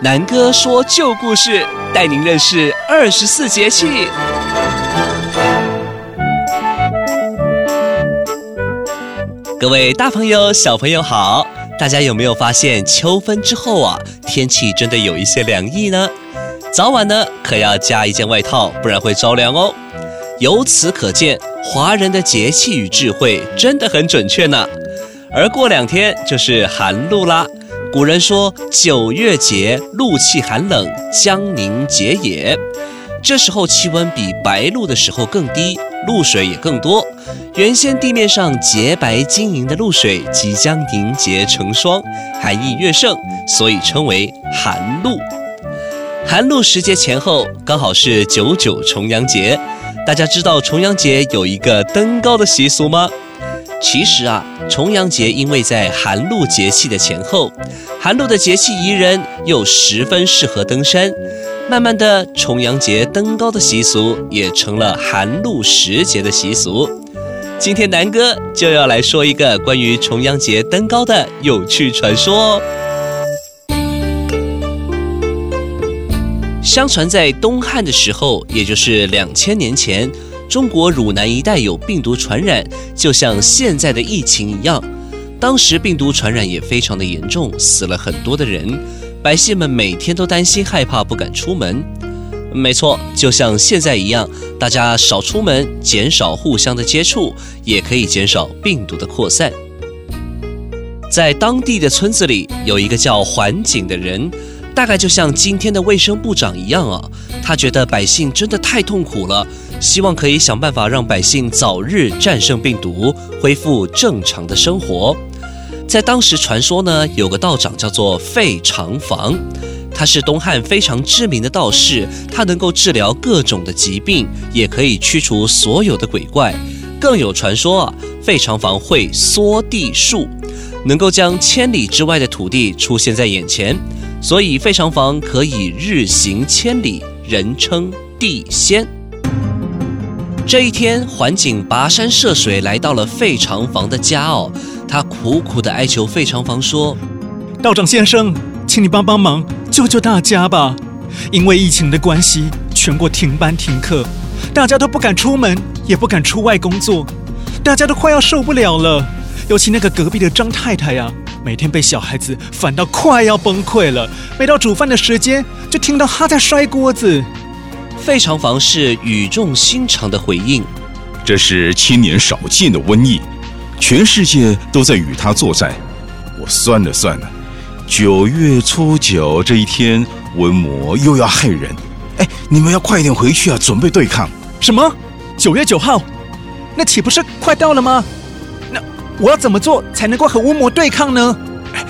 南哥說舊故事，帶您認識二十四節氣。各位大朋友、小朋友好！大家有沒有發現秋分之後啊，天氣真的有一些涼意呢？早晚呢，可要加一件外套，不然會着涼哦。由此可見，華人的節氣與智慧真的很準確呢，啊。而過兩天就是寒露啦。古人說：“九月節，露氣寒冷，將凝結也。”這時候氣溫比白露的時候更低，露水也更多。原先地面上潔白晶瑩的露水即將凝結成霜，寒意越盛，所以稱為寒露。寒露時節前後，剛好是九九重陽節。大家知道重陽節有一個登高的習俗嗎？其實啊，重陽節因為在寒露節氣的前後，寒露的節氣宜人，又十分適合登山。慢慢的，重陽節登高的習俗也成了寒露時節的習俗。今天南哥就要來說一個關於重陽節登高的有趣傳說哦。相傳在東漢的時候，也就是兩千年前，中國汝南一帶有病毒傳染，就像現在的疫情一樣。當時病毒傳染也非常的嚴重，死了很多的人，百姓們每天都擔心害怕，不敢出門。沒錯，就像現在一樣，大家少出門，減少互相的接觸，也可以減少病毒的擴散。在當地的村子裡，有一個叫桓景的人。大概就像今天的衛生部長一樣啊，他覺得百姓真的太痛苦了，希望可以想辦法讓百姓早日戰勝病毒，恢復正常的生活。在當時傳說呢，有個道長叫做費長房，他是東漢非常知名的道士，他能夠治療各種的疾病，也可以驅除所有的鬼怪。更有傳說啊，費長房會縮地術，能夠將千里之外的土地出現在眼前。所以費長房可以日行千里，人稱地仙。這一天，桓景跋山涉水來到了費長房的家哦，他苦苦地哀求費長房說：“道長先生，請你幫幫忙，救救大家吧！因為疫情的關係，全國停班停課，大家都不敢出門，也不敢出外工作，大家都快要受不了了。尤其那個隔壁的張太太呀啊。”每天被小孩子煩到快要崩潰了，每到煮飯的時間就聽到他在摔鍋子。費長房是語重心長的回應：“這是千年少見的瘟疫，全世界都在與他作戰。”我算了算了，九月初九這一天瘟魔又要害人。哎，你們要快點回去啊，準備對抗什麼？九月九號，那豈不是快到了嗎？我要怎麼做才能夠和巫魔對抗呢？哎，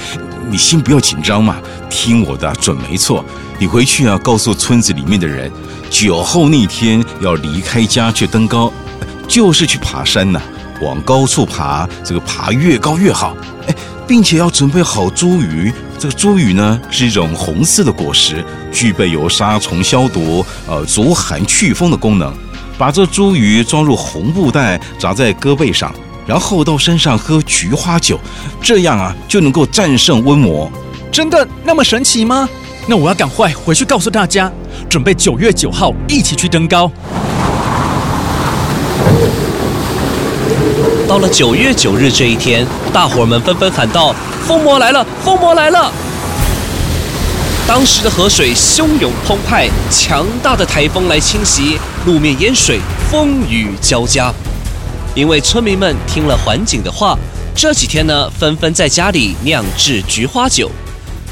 你先不要緊張嘛，聽我的準沒錯。你回去啊，告訴村子裡面的人，酒後那天要離開家去登高，就是去爬山吶，啊，往高處爬，這個爬越高越好。哎，並且要準備好茱萸，這個茱萸呢是一種紅色的果實，具備有殺蟲、消毒、呃、除寒、祛風的功能。把這茱萸裝入紅布袋，紮在胳膊上。然後到山上喝菊花酒，這樣啊就能夠戰勝瘟魔。真的那麼神奇嗎？那我要趕快回去告訴大家，準備九月九號一起去登高。到了九月九日這一天，大夥們紛紛喊道：“風魔來了，風魔來了！”當時的河水洶湧澎湃，強大的台風來侵襲，路面淹水，風雨交加。因為村民們聽了桓景的話，這幾天呢，紛紛在家裡釀制菊花酒。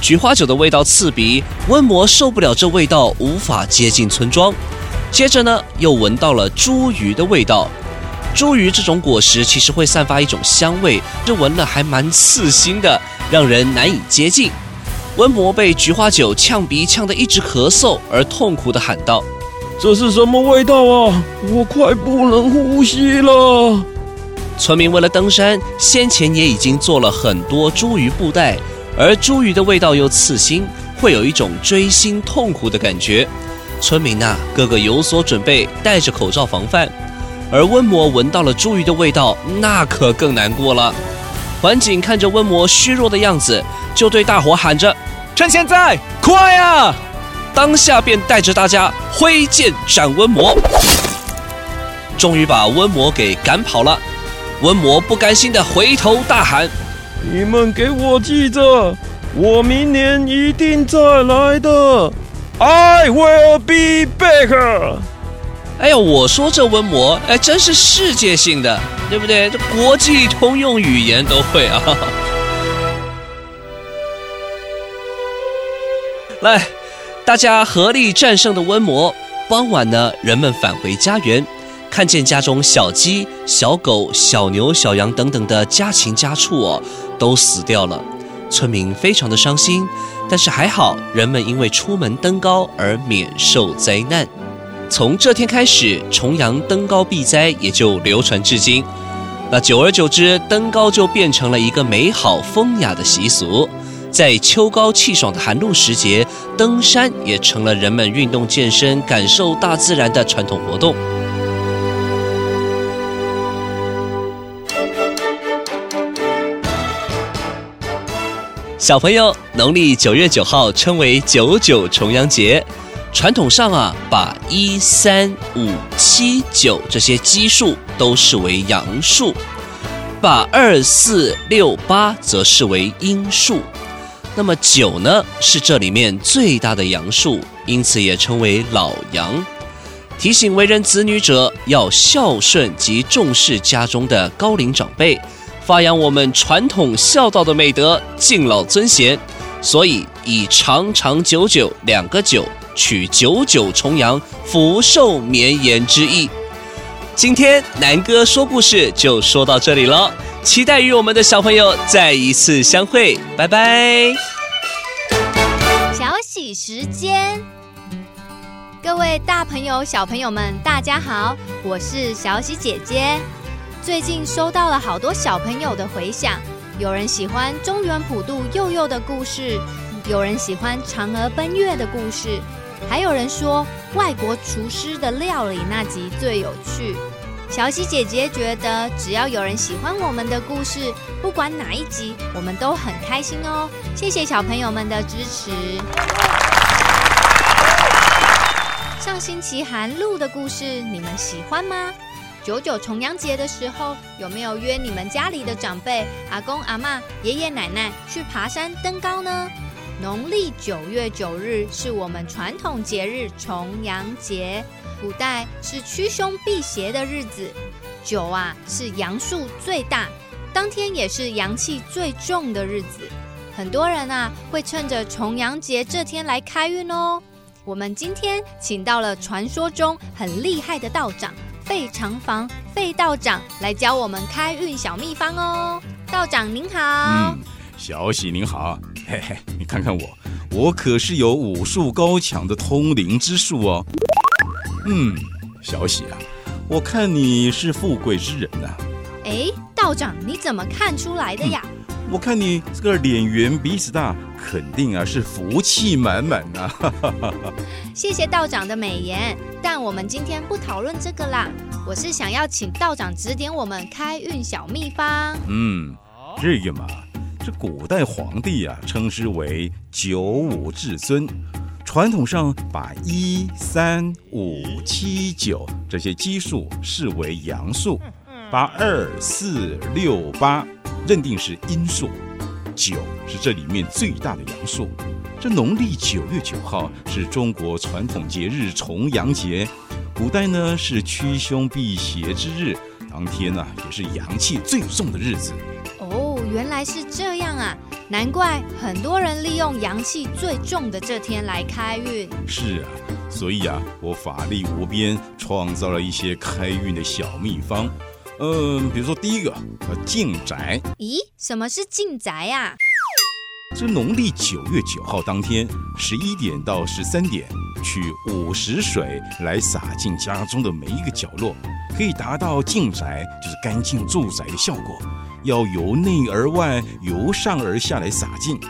菊花酒的味道刺鼻，瘟魔受不了這味道，無法接近村莊。接着呢，又聞到了茱萸的味道。茱萸這種果實其實會散發一種香味，這聞了還蠻刺心的，讓人難以接近。瘟魔被菊花酒嗆鼻嗆得一直咳嗽，而痛苦地喊道。這是什麼味道啊！我快不能呼吸了。村民為了登山，先前也已經做了很多茱萸布袋，而茱萸的味道又刺心，會有一種錐心痛苦的感覺。村民吶、啊，個個有所準備，戴着口罩防範。而瘟魔聞到了茱萸的味道，那可更難過了。桓景看着瘟魔虛弱的樣子，就對大夥喊着：“趁現在，快啊！”當下便帶着大家揮劍斬瘟魔，終於把瘟魔給趕跑了。瘟魔不甘心的回頭大喊：“你們給我記着，我明年一定再來的。” I will be back。哎呀，我說這瘟魔，哎，真是世界性的，對不對？這國際通用語言都會啊。來。大家合力戰勝的瘟魔。傍晚呢，人們返回家園，看見家中小雞、小狗、小牛、小羊等等的家禽家畜哦，都死掉了。村民非常的傷心，但是還好，人們因為出門登高而免受災難。從這天開始，重陽登高避災也就流傳至今。那久而久之，登高就變成了一個美好風雅的習俗。在秋高氣爽的寒露時節，登山也成了人們運動健身、感受大自然的傳統活動。小朋友，農曆九月九號稱為九九重陽節，傳統上啊，把一、三、五、七、九這些奇數都視為陽數，把二、四、六、八則視為陰數。那麼九呢，是這裡面最大的陽數，因此也稱為老陽，提醒為人子女者要孝順及重視家中的高齡長輩，發揚我們傳統孝道的美德，敬老尊賢。所以以長長久久兩個九，取九九重陽，福壽綿延之意。今天南哥說故事就說到這裡咯，期待與我們的小朋友再一次相會，拜拜。小喜時間，各位大朋友小朋友們大家好，我是小喜姐姐。最近收到了好多小朋友的回響，有人喜歡《中原普渡幼幼》的故事，有人喜歡《嫦娥奔月》的故事，還有人說《外國廚師的料理》那集最有趣。小喜姐姐覺得，只要有人喜歡我們的故事，不管哪一集，我們都很開心哦。謝謝小朋友們的支持。上星期寒露的故事，你們喜歡嗎？九九重陽節的時候，有沒有約你們家裡的長輩、阿公、阿嬤、爺爺、奶奶去爬山登高呢？農曆九月九日是我們傳統節日重陽節。古代是驅凶辟邪的日子，九啊是陽數最大，當天也是陽氣最重的日子。很多人啊，會趁着重陽節這天來開運哦。我們今天請到了傳說中很厲害的道長費長房費道長來教我們開運小秘方哦。道長您好、嗯，小喜您好，嘿嘿，你看看我，我可是有武術高強的通靈之術哦。嗯，小喜啊，我看你是富貴之人吶、啊。誒，道長，你怎麼看出來的呀？我看你這個臉圓鼻子大，肯定啊是福氣滿滿啊。 謝謝道長的美言，但我們今天不討論這個啦。我是想要請道長指點我們開運小秘方。嗯，這個嘛，這古代皇帝啊，稱之為九五至尊。傳統上把一、三、五、七、九這些奇數視為陽數，把二、四、六、八認定是陰數。九是這裡面最大的陽數。這農曆九月九號是中國傳統節日重陽節，古代呢是驅凶辟邪之日，當天呢、啊、也是陽氣最重的日子。哦，原來是這樣啊！難怪很多人利用陽氣最重的這天來開運。是啊，所以啊，我法力無邊，創造了一些開運的小秘方。嗯，比如說第一個叫淨宅。咦，什麼是淨宅呀、啊？這農曆九月九號當天十一點到十三點，取午時水來灑進家中的每一個角落，可以達到淨宅，就是乾淨住宅的效果。要由內而外，由上而下來灑進。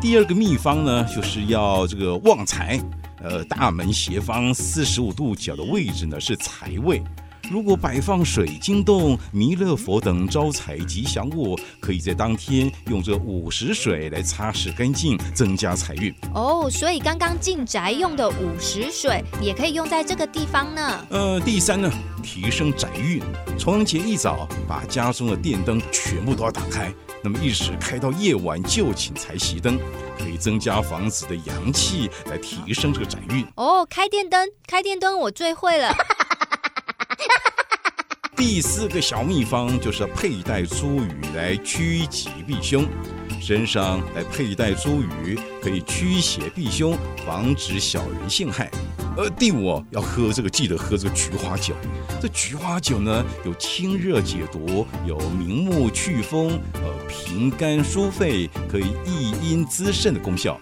第二個秘方呢，就是要這個旺財。呃，大門斜方四十五度角的位置呢，是財位。如果擺放水晶洞、彌勒佛等招財吉祥物，可以在當天用這午時水來擦拭乾淨，增加財運。哦，所以剛剛進宅用的午時水也可以用在這個地方呢。呃，第三呢，提升宅運。重陽節一早把家中的電燈全部都要打開，那麼一直開到夜晚就寢才熄燈，可以增加房子的陽氣，來提升這個宅運。哦，開電燈，開電燈，我最會了。 第四個小秘方，就是佩戴茱萸來趨吉避凶，身上來佩戴茱萸可以驅邪避凶，防止小人陷害。呃，第五、啊、要喝這個，記得喝這個菊花酒。這菊花酒呢，有清熱解毒、有明目祛風、呃平肝疏肺、可以益陰滋腎的功效。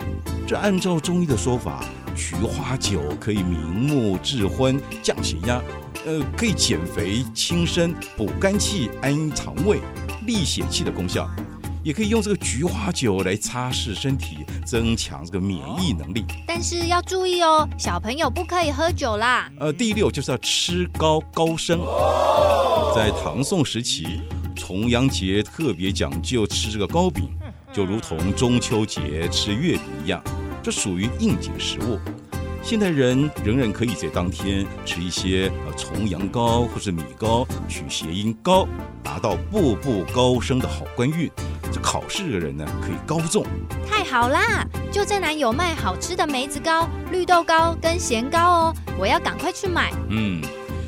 這按照中醫的說法，菊花酒可以明目、治昏、降血壓。呃，可以減肥、輕身、補肝氣、安腸胃、利血氣的功效，也可以用這個菊花酒來擦拭身體，增強這個免疫能力。但是要注意哦，小朋友不可以喝酒啦。呃，第六就是要吃高高升。在唐宋時期，重陽節特別講究吃這個糕餅，就如同中秋節吃月餅一樣，這屬於應景食物。現代人仍然可以在當天吃一些呃重陽糕或是米糕，取諧音「高」，達到步步高升的好官運。這考試的人呢，可以高中。太好啦！就在南有賣好吃的梅子糕、綠豆糕跟鹹糕哦，我要趕快去買。嗯，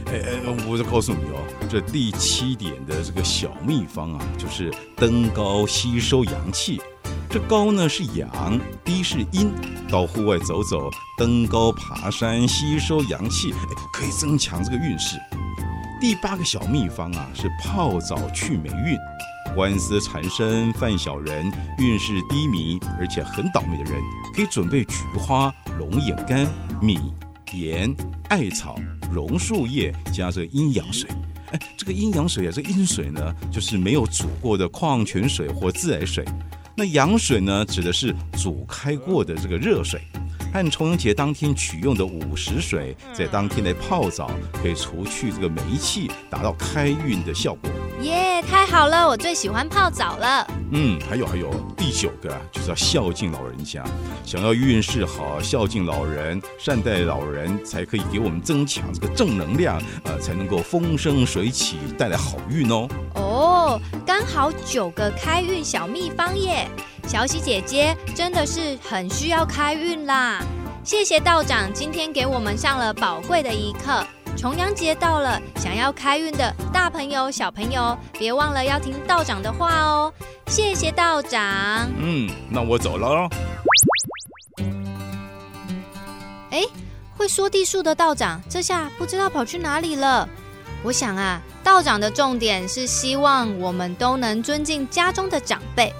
哎，我就告訴你哦，這第七點的這個小秘方啊，就是登高吸收陽氣。這高呢是陽，低是陰。到戶外走走，登高爬山，吸收陽氣，可以增強這個運勢。第八個小秘方啊，是泡澡去霉運。官司纏身、犯小人、運勢低迷而且很倒霉的人，可以準備菊花、龍眼乾、米、鹽、艾草、榕樹葉，加這個陰陽水。哎，這個陰陽水啊，這個陰水呢，就是沒有煮過的礦泉水或自來水。那陽水呢，指的是煮開過的這個熱水，按重陽節當天取用的午時水，在當天來泡澡，可以除去這個霉氣，達到開運的效果。好了，我最喜歡泡澡了。嗯，還有還有，第九個就是要孝敬老人家，想要運勢好，孝敬老人，善待老人才可以給我們增強這個正能量，呃，才能夠風生水起，帶來好運哦。哦，剛好九個開運小秘方耶，小喜姐姐真的是很需要開運啦。謝謝道長今天給我們上了寶貴的一課。重陽節到了，想要開運的大朋友、小朋友，別忘了要聽道長的話哦。謝謝道長。嗯，那我走了哦。哎，嗯，會說地術的道長，這下不知道跑去哪裡了。我想啊，道長的重點是希望我們都能尊敬家中的長輩，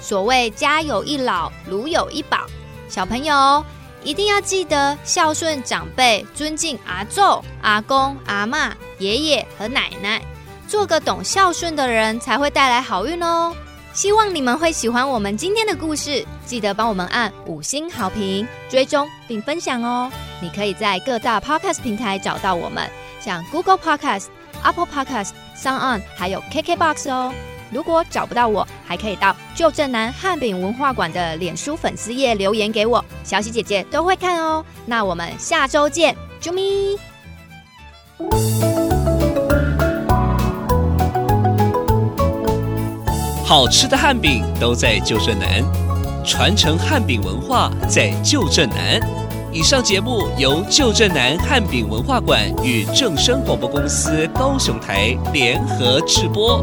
所謂家有一老，如有一寶。小朋友。一定要記得孝順長輩，尊敬阿祖、阿公、阿媽、爺爺和奶奶，做個懂孝順的人，才會帶來好運哦。希望你們會喜歡我們今天的故事，記得幫我們按五星好評、追蹤並分享哦。你可以在各大 Podcast 平台找到我們，像 Google Podcast、Apple Podcast、SoundOn 還有 KKBox 哦。如果找不到我，還可以到舊正南漢餅文化館的臉書粉絲頁留言給我，小喜姐姐都會看哦。那我們下周見，啾咪！好吃的漢餅都在舊正南，傳承漢餅文化在舊正南。以上節目由舊正南漢餅文化館與正聲廣播公司高雄台聯合制播。